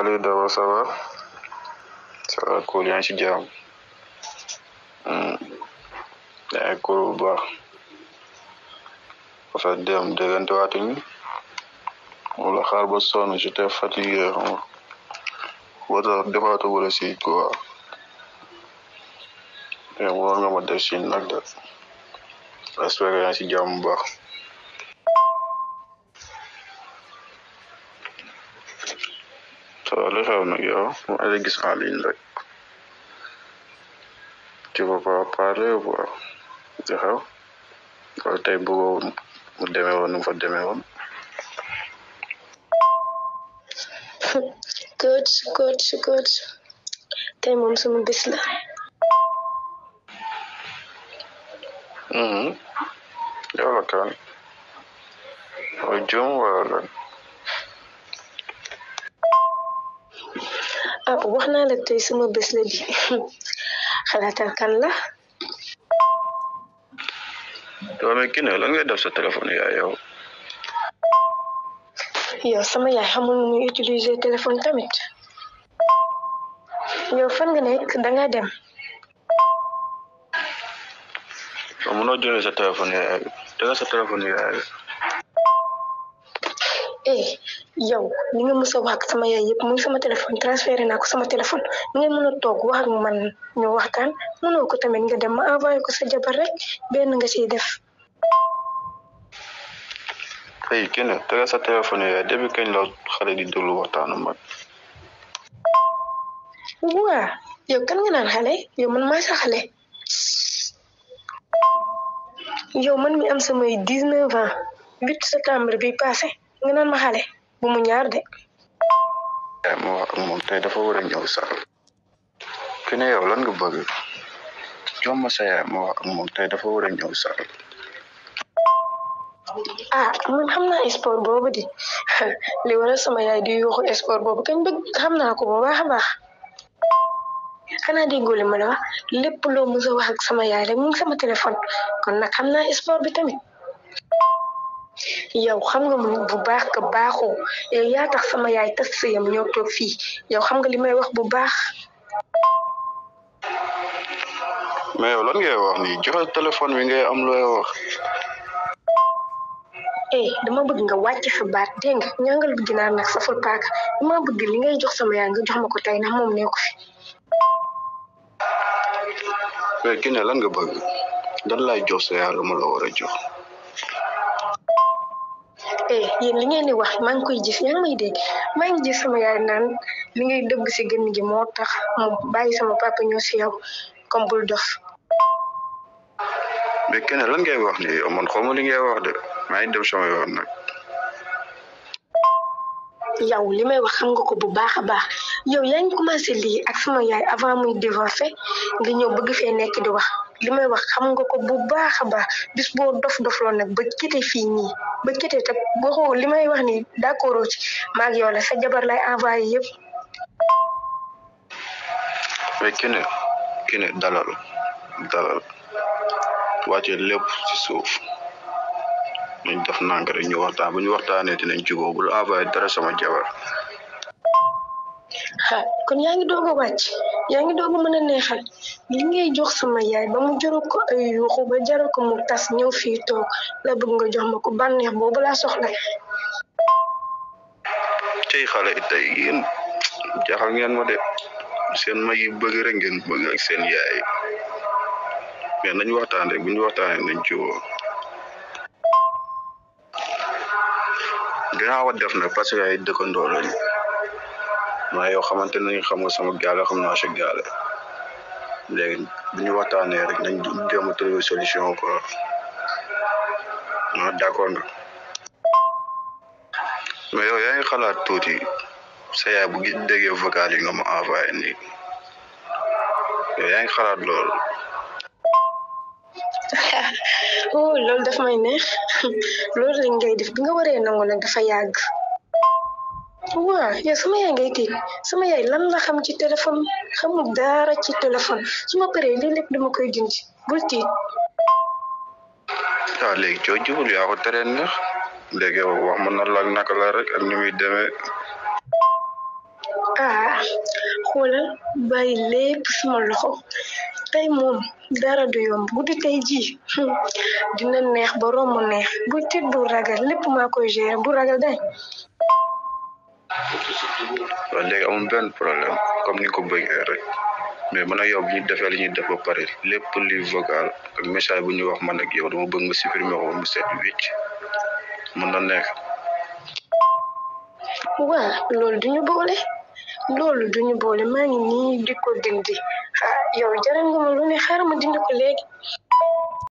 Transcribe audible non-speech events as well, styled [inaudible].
salut Daba ça va ça va Koul yaa ngi ci jàmm dem déggante waatuñu wala xaar ba sonn j'étais fatigué xam nga boo tax defaatu wala si quoi mais waroon nga def si nag de j'espère que yaa ngi loolu xew nag yow mooy gis naa ligne rek tu veux up parler ou quoi di xew loolu tey bëggoo mu demee woon nu fa demee woon coach coach coach tey moom suma bis la yow la kan oo jum wala lan wax naa la tey sama bés la bi xalaatal kan la doome kine lan ngay def sa téléphone yaay yow yow sama yaay xamul nu muy utiliser téléphone tamit yow fan nga nekk da nga dem yow mënoo jëlee sa téléphone yaay dëgga sa téléphone yaay eh yow ni nga mësa wax sama yaay yëpp muy sama téléphone transféré naa ko sama téléphone ni nga mëna tok wax ak man ñu waxtaan mëno ko tamen nga dem ma envoyer ko sa jabar rek ben nga ci def tey kene tega sa téléphone ya depuis kañ la xalé di dulu waxtaanu mag wa yow kan nga nan xalé yow man ma sa xalé yow man mi am sama 19 ans 8 septembre bi passé nga naan ma bu mu ñaar de. Eh, ma wax ak moom tey dafa war a ñëw sax ki nga bëgg jox ma sa yaay ma wax moom tey dafa war a ñëw ah man xam na sport boobu di [laughs] li wala sama yaay di yuuxu sport boobu kañ bëgg xam na ko bu baax a baax xanaa déggoo ma wax lépp loo mës a sama yaay rek mu sama téléphone kon nag xam naa sport bi tamit. yow xam nga bu baax ka baaxoo yow yaa sama yaay tas sëyam ñoo toog fii yow xam nga li may wax bu baax. mais yow lan ngay wax nii joxe téléphone bi ngay am looy wax. eh dama bëgg nga wàcc sa baat dégg nga ñàngal bi ginaar nag saful paaka dama bëgg li ngay jox sama yaay nga jox ma ko tey ndax moom nekku fi. mais ki ne lan nga bëgg dan laay jox sa yaay a jox. eh yéen li ngeen di wax maa ngi koy gis yaa ngi may dégg maa ngi gis sama yaay naan li ngay dëgg si gën gi moo tax mu bàyyi sama papa ñëw si yow comme bul dof. mais kenn lan ngay wax ni man xaw ma li ngay de maa ngi sama yoon nag. yow li may wax xam nga ko bu baax a baax yow yaa commencé lii ak sama yaay avant muy divorcé nga ñëw bëgg fee nekk di wax. li may wax xam nga ko bu baax a baax bis boo dof dofloo nag ba kite fii nii ba kite te waxoo li may wax ni d'accord ci maag yow la sa jabar lay envoyé yëpp. mais kene kene dalal dalal wàcce lépp suuf ñu def nànk rek ñu waxtaan bu ñu waxtaanee dinañ jubóo bul envoyé dara sama jabar. ah kon yaa ngi doog yaa ngi doog a mën a neexal li ngay jox sama yaay ba mu jaral ko ay yuuxu ba jaral ko mu tas ñëw fii toog la bëgg nga jox ma ko bànneex boobu laa soxla cey xale tey yéen jaaxal ngeen ma de seen mag yi bëgg rek ngeen bëgg ak seen yaay mais nañ waxtaan rek bu ñu waxtaanee nañ ci woo def parce que ay dëkkandoo lañu maa yoo xamante nañ xam nga sama gaale xam naa sa gaale léegi bu ñu waxtaanee rek nañ jéem a solution quoi ah d' accord nga mais yow yaa ngi xalaat tuuti sa yaay bu gi déggee vocal yi nga ma envoyé nii yaa ngi xalaat lool [laughs] oh loolu daf may neex [laughs] loolu lañ ngay def nga waree nangu nag dafa yàgg waaw yow sama yaay ngay tiit lan la xam ci téléphone xamul daara ci téléphone suma ma paree lépp dama koy dindi bul tiit. waaw ah, léegi coo wax mën na laal naka la rek ak ni muy demee. ah xoolal lépp suma loxo tey moom dara du yomb guddi tey ji [laughs] dina neex ba romb neex bu tiit bu ragal lépp maa koy gérer bu ragal day waaw léegi amul benn problème comme ni nga ko bëggee rek mais man ak yow bu ñu def ba pare lépp li vocal ak message bu ñu wax man ak yow dama bëgg nga supprimer ko mu set wicc mën na nekk. waaw loolu duñu boole loolu duñu maa ngi nii di ko dindi ah yow jaral nga ma lu ne xaaral